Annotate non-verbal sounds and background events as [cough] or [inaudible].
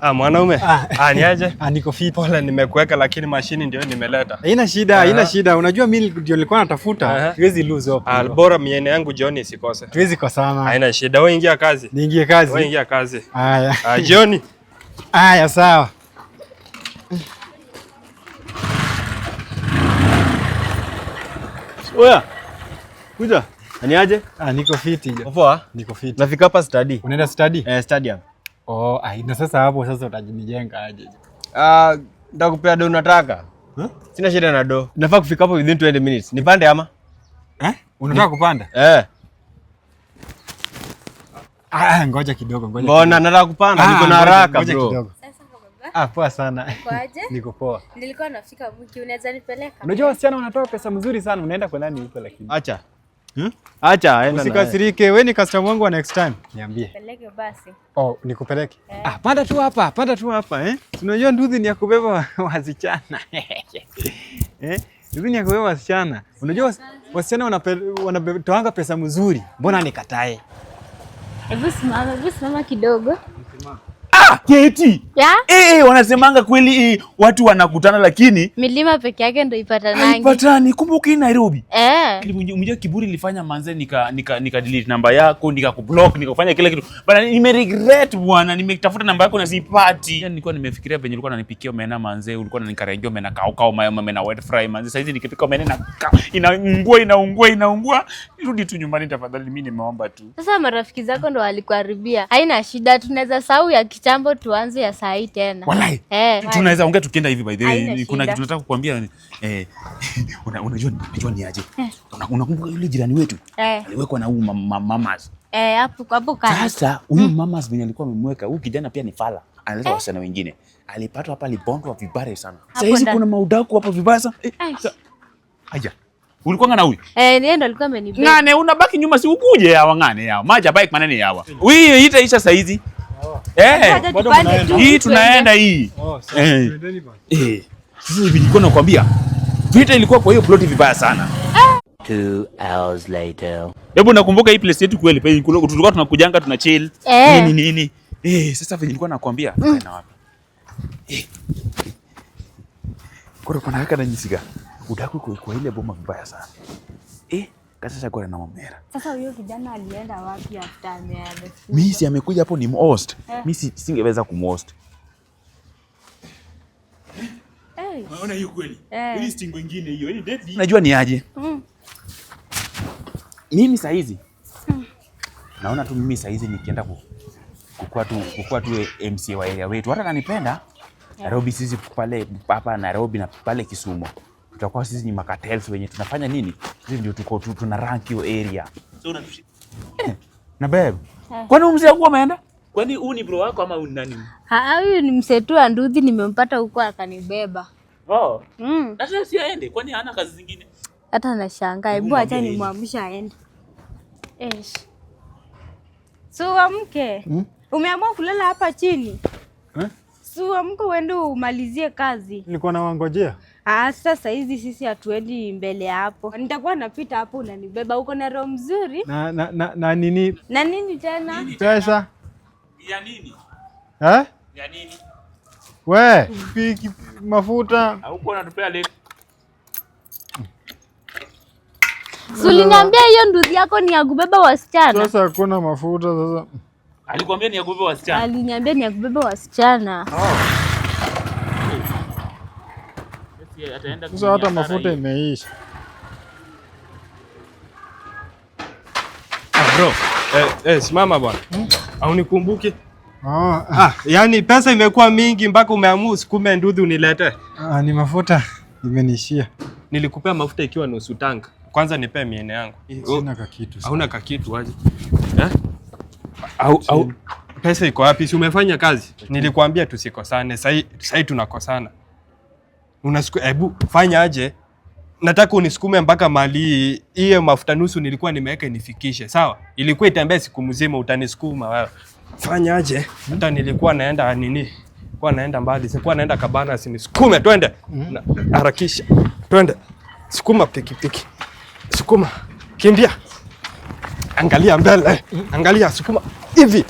Ah, mwanaume. Ah, Ah, niaje? Ah, niko fit. Pole nimekuweka lakini mashini ndio nimeleta. Haina shida, ah. haina shida. Unajua mimi ndio nilikuwa natafuta. Siwezi lose up. Ah, bora miene yangu jioni isikose. Siwezi kosana. Haina shida. Wewe ingia kazi. Niingie kazi. Wewe ingia kazi. Haya. Ah, jioni. Haya, sawa. Oya. Kuja. Niaje? Ah, niko fit. Ah? Niko fit. Nafika hapa study. Unaenda study? Eh, study hapa. Oh, na sasa hapo sasa utajijenga aje? Uh, nitakupea do unataka? Huh? Sina shida na do. Nafaa kufika hapo within 20 minutes. Nipande ama? Eh? Unataka kupanda? Eh. Ah, ah, ngoja kidogo, ngoja. Mbona nataka kupanda? Ah, Niko na haraka bro. Ah, poa sana. Kwaje? [laughs] Niko poa. Nilikuwa nafika mwiki, unaweza nipeleka? Unajua wasichana wanatoa pesa mzuri sana, unaenda kwa nani huko lakini. Acha. Hmm? Acha aenda. Usikasirike, wewe ni customer wangu wa next time. Niambie. Peleke basi. Oh, nikupeleke. Eh. Ah, panda tu hapa, panda tu hapa eh. Tunajua nduthi ni ya kubeba wasichana. [laughs] Eh? Nduthi ni ya kubeba wasichana. Unajua wasichana wanatoanga pesa mzuri. Mbona nikatae? Hebu simama, hebu simama kidogo. Keti. Yeah? Eh, eh, wanasemanga kweli eh, watu wanakutana lakini milima peke yake ndio ipatana. Ipatani, Kumbuki in Nairobi. Eh. Unajua kiburi ilifanya manze nika nika nika delete namba yako, nika nikafanya kile kitu. Bana nime regret bwana, nimetafuta namba yako na sipati. Yani nilikuwa nimefikiria venye ulikuwa unanipikia omena manze, ulikuwa unanikarangia omena kaukau, mayo omena wet fry manze. Sasa hizi nikipika omena inaungua inaungua inaungua rudi tu nyumbani tafadhali, mimi nimeomba tu. Sasa marafiki zako ndo walikuharibia. Haina shida, tunaweza sahau ya kitambo, tuanze ya saa hii tena. Walai eh, tunaweza ongea tukienda hivi. By the way, kuna kitu nataka kukuambia eh. [laughs] Unajua unajua ni aje? Eh. Unakumbuka yule jirani wetu eh, aliwekwa na huyu mama mamas eh, hapo hapo kani? Sasa huyu hmm. mamas venye alikuwa amemweka huyu kijana pia ni fala analeta eh. wasichana wengine, alipatwa hapa, alibondwa vibaya sana. Sasa hizi kuna maudaku hapa vibaya sana. eh, Aya. Ulikuwa na huyu? Eh, yeye ndo alikuwa amenibeba. Ngane unabaki nyuma si ukuje hawa ngane yao. Maja bike manene hawa. Hii ita isha saizi. Eh. Hii tunaenda hii. Oh, eh. Eh. Sasa hivi nilikuwa nakwambia vita ilikuwa kwa hiyo ploti vibaya sana. Two hours later. Hebu nakumbuka hii place yetu kweli pale tulikuwa tunakujanga tuna chill. Eh. Nini nini. Eh, sasa hivi nilikuwa nakwambia mm. na wapi? Eh. Koro kuna haka na nyisiga. Udaku kwa, kwa ile boma vibaya sana eh, kasha kwa na mamera. Sasa huyo kijana alienda wapi after ameaga? Mimi si amekuja hapo ni most. Eh. Mimi si singeweza kumhost. Hey. Unaona hiyo kweli? Hey. Eh. Hii stingo nyingine hiyo. Ni yaani deadly. Unajua ni aje. Mm. Mimi saa hizi mm. Naona tu mimi saa hizi nikienda ku kukua tu kukua tu e, MC wa area wetu. Hata kanipenda yeah. Nairobi sisi pale hapa Nairobi na pale Kisumu tutakuwa sisi ni makatels wenye tunafanya nini, sisi ndio tuko tu, tuna rank hiyo area. So unatushika eh, na babe eh. Kwani umzee wako ameenda? Kwani huyu ni bro wako ama huyu nani? Ah, huyu ni msetu anduthi, nimempata huko akanibeba. Oh. Mm. sasa si aende, kwani hana kazi zingine? Hata nashangaa, hebu acha nimwamsha aende. Eh. So amke. Hmm? Umeamua kulala hapa chini? Eh? Sua mke uende umalizie kazi. Nilikuwa nawangojea. Asa saizi sisi hatuendi mbele hapo, nitakuwa napita hapo, unanibeba. Uko na roho mzuri na, na, na, na nini na nini tena pesa ya nini eh? ya nini we piki mafuta huko unatupea leo Suliniambia hiyo nduzi yako ni ya kubeba wasichana. Sasa hakuna mafuta sasa. Alikwambia ni ya kubeba wasichana. Aliniambia ni ya kubeba wasichana. Oh. Sasa hata mafuta imeisha ah, bro. Eh, eh, simama bwana hmm? Au nikumbuke oh. Ah. ah, yani pesa imekuwa mingi mpaka umeamua usikume nduthi unilete. Ah, ni mafuta imenishia. Nilikupea mafuta ikiwa nusu tanka. Kwanza nipee miene yangu. Eh, oh, sina kakitu. Hauna kakitu waje. Eh? Au au pesa iko wapi? Si umefanya kazi? Nilikwambia tusikosane. Sasa sasa tunakosana. Unasukuma, hebu fanya aje? Nataka unisukume mpaka mali hiyo mafuta nusu nilikuwa nimeweka inifikishe. Sawa, ilikuwa itembea siku mzima, utanisukuma wewe. Fanya aje? Hata nilikuwa naenda nini, kwa naenda mbali, sikuwa naenda Kabana. Sinisukume, twende, mm-hmm. harakisha, twende. Sukuma pikipiki, sukuma, kimbia, angalia mbele, mm-hmm. angalia, sukuma hivi.